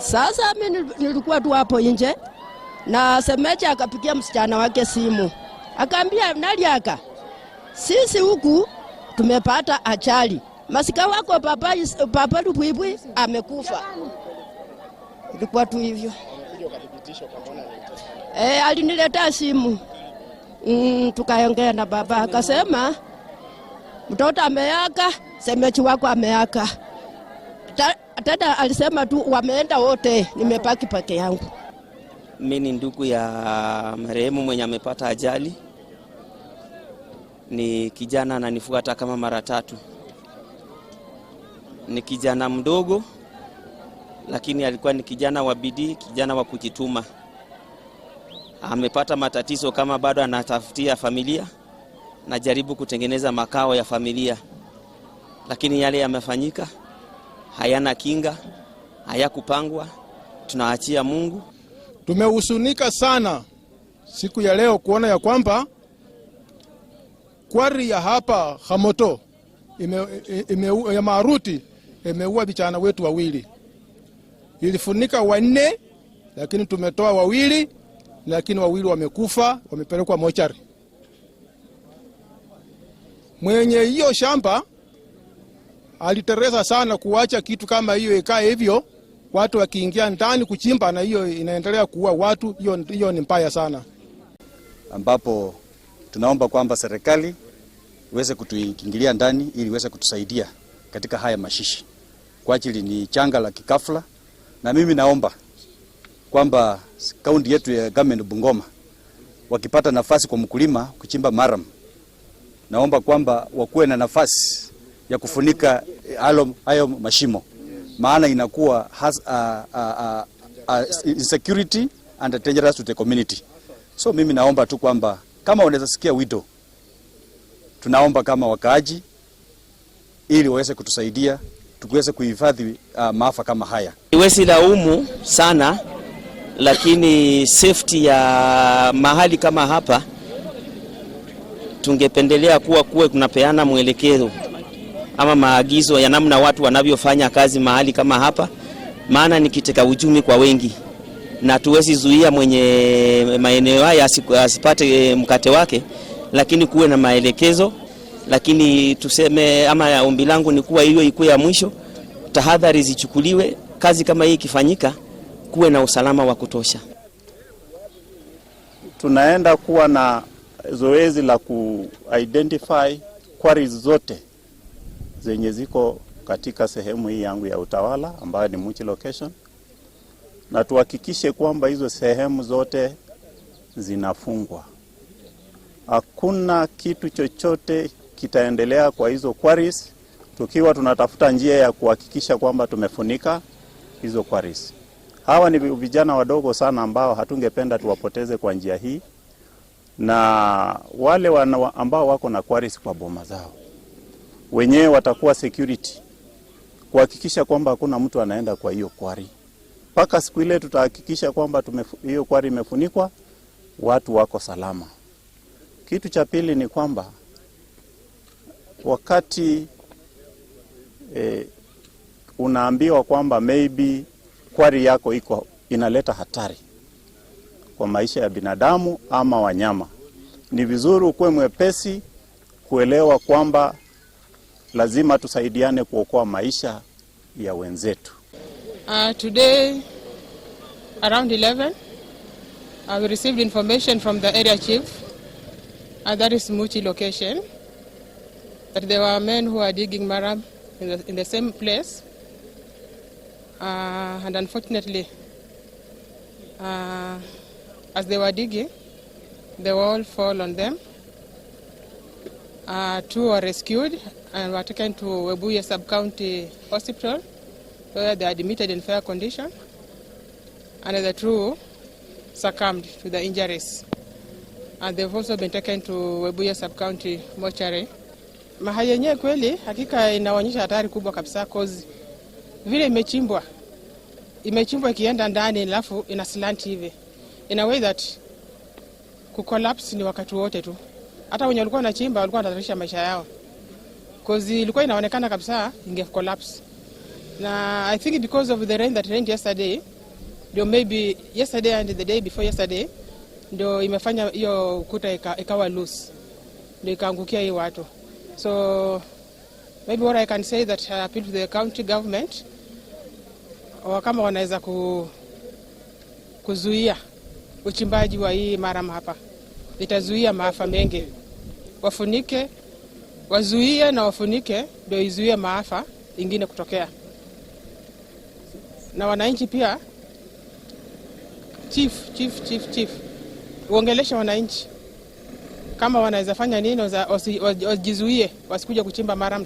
Sasa mi nilikuwa tu hapo nje na semeja akapigia msichana wake simu, akaambia Naliaka, sisi huku tumepata ajali, masika wako papa, papa Lubwibwi amekufa. Ilikuwa tu hivyo e, aliniletea simu mm, tukaongea na baba akasema, mtoto ameaka, semechi wako ameaka. Dada alisema tu wameenda wote, nimepaki peke yangu. Mimi ni ndugu ya marehemu mwenye amepata ajali, ni kijana ananifuata kama mara tatu, ni kijana mdogo lakini alikuwa ni kijana wa bidii, kijana wa kujituma. Amepata matatizo kama bado anatafutia familia, najaribu kutengeneza makao ya familia, lakini yale yamefanyika, hayana kinga, hayakupangwa, tunaachia Mungu. Tumehusunika sana siku ya leo kuona ya kwamba kwari ya hapa Khamoto ime, e, e, ime, ya Maruti imeua vijana wetu wawili ilifunika wanne, lakini tumetoa wawili, lakini wawili wamekufa, wamepelekwa mochari. Mwenye hiyo shamba alitereza sana kuacha kitu kama hiyo ikae hivyo, watu wakiingia ndani kuchimba, na hiyo inaendelea kuua watu. Hiyo, hiyo ni mbaya sana, ambapo tunaomba kwamba serikali iweze kutuingilia ndani ili iweze kutusaidia katika haya mashishi, kwa ajili ni changa la kikafla na mimi naomba kwamba kaunti yetu ya Gamen Bungoma wakipata nafasi kwa mkulima kuchimba maram, naomba kwamba wakuwe na nafasi ya kufunika eh, hayo mashimo, maana inakuwa has, uh, uh, uh, insecurity and dangerous to the community. So mimi naomba tu kwamba kama unaweza sikia wito, tunaomba kama wakaaji, ili waweze kutusaidia tuweze kuhifadhi uh, maafa kama haya. Iwezi laumu sana, lakini safety ya mahali kama hapa tungependelea kuwa kuwe kunapeana mwelekeo ama maagizo ya namna watu wanavyofanya kazi mahali kama hapa, maana ni kiteka uchumi kwa wengi, na tuwezi zuia mwenye maeneo haya asipate mkate wake, lakini kuwe na maelekezo lakini tuseme ama ya ombi langu ni kuwa hiyo ikuwe ya mwisho, tahadhari zichukuliwe, kazi kama hii ikifanyika kuwe na usalama wa kutosha. Tunaenda kuwa na zoezi la ku identify quarries zote zenye ziko katika sehemu hii yangu ya utawala ambayo ni Muchi location, na tuhakikishe kwamba hizo sehemu zote zinafungwa. Hakuna kitu chochote kitaendelea kwa hizo quarries, tukiwa tunatafuta njia ya kuhakikisha kwamba tumefunika hizo quarries. Hawa ni vijana wadogo sana ambao hatungependa tuwapoteze kwa njia hii, na wale wana ambao wako na quarries kwa boma zao wenyewe watakuwa security kuhakikisha kwamba hakuna mtu anaenda kwa hiyo kwari. Mpaka siku ile tutahakikisha kwamba hiyo kwari imefunikwa, watu wako salama. Kitu cha pili ni kwamba wakati eh, unaambiwa kwamba maybe kwari yako iko inaleta hatari kwa maisha ya binadamu ama wanyama, ni vizuri ukuwe mwepesi kuelewa kwamba lazima tusaidiane kuokoa maisha ya wenzetu. Uh, today around 11 I uh, received information from the area chief uh, that is Muchi location that there were men who were digging Marab in the, in the same place. Uh, and unfortunately, uh, as they were digging, the wall fell on them. Uh, two were rescued and were taken to Webuye Sub-County Hospital, where they are admitted in fair condition. And the two succumbed to the injuries. And they've also been taken to Webuye Sub-County Mortuary mahali yenyewe kweli hakika inaonyesha hatari kubwa kabisa, kozi vile imechimbwa imechimbwa ikienda ndani, alafu ina slant hivi in a way that kukolapse ni wakati wote tu. Hata wenye walikuwa wanachimba walikuwa wanatarisha maisha yao, kozi ilikuwa inaonekana kabisa inge collapse na I think because of the rain that rained yesterday ndio maybe yesterday and the day before yesterday ndio imefanya hiyo kuta ikawa loose ndio ikaangukia hii watu. So maybe what I can say that I appeal to the county government wa kama wanaweza ku, kuzuia uchimbaji wa hii maram hapa, itazuia maafa mengi. Wafunike, wazuie na wafunike, ndio izuie maafa ingine kutokea. Na wananchi pia, chief chief chief chief, uongeleshe wananchi kama wanaweza fanya nini, wajizuie wasikuja kuchimba mara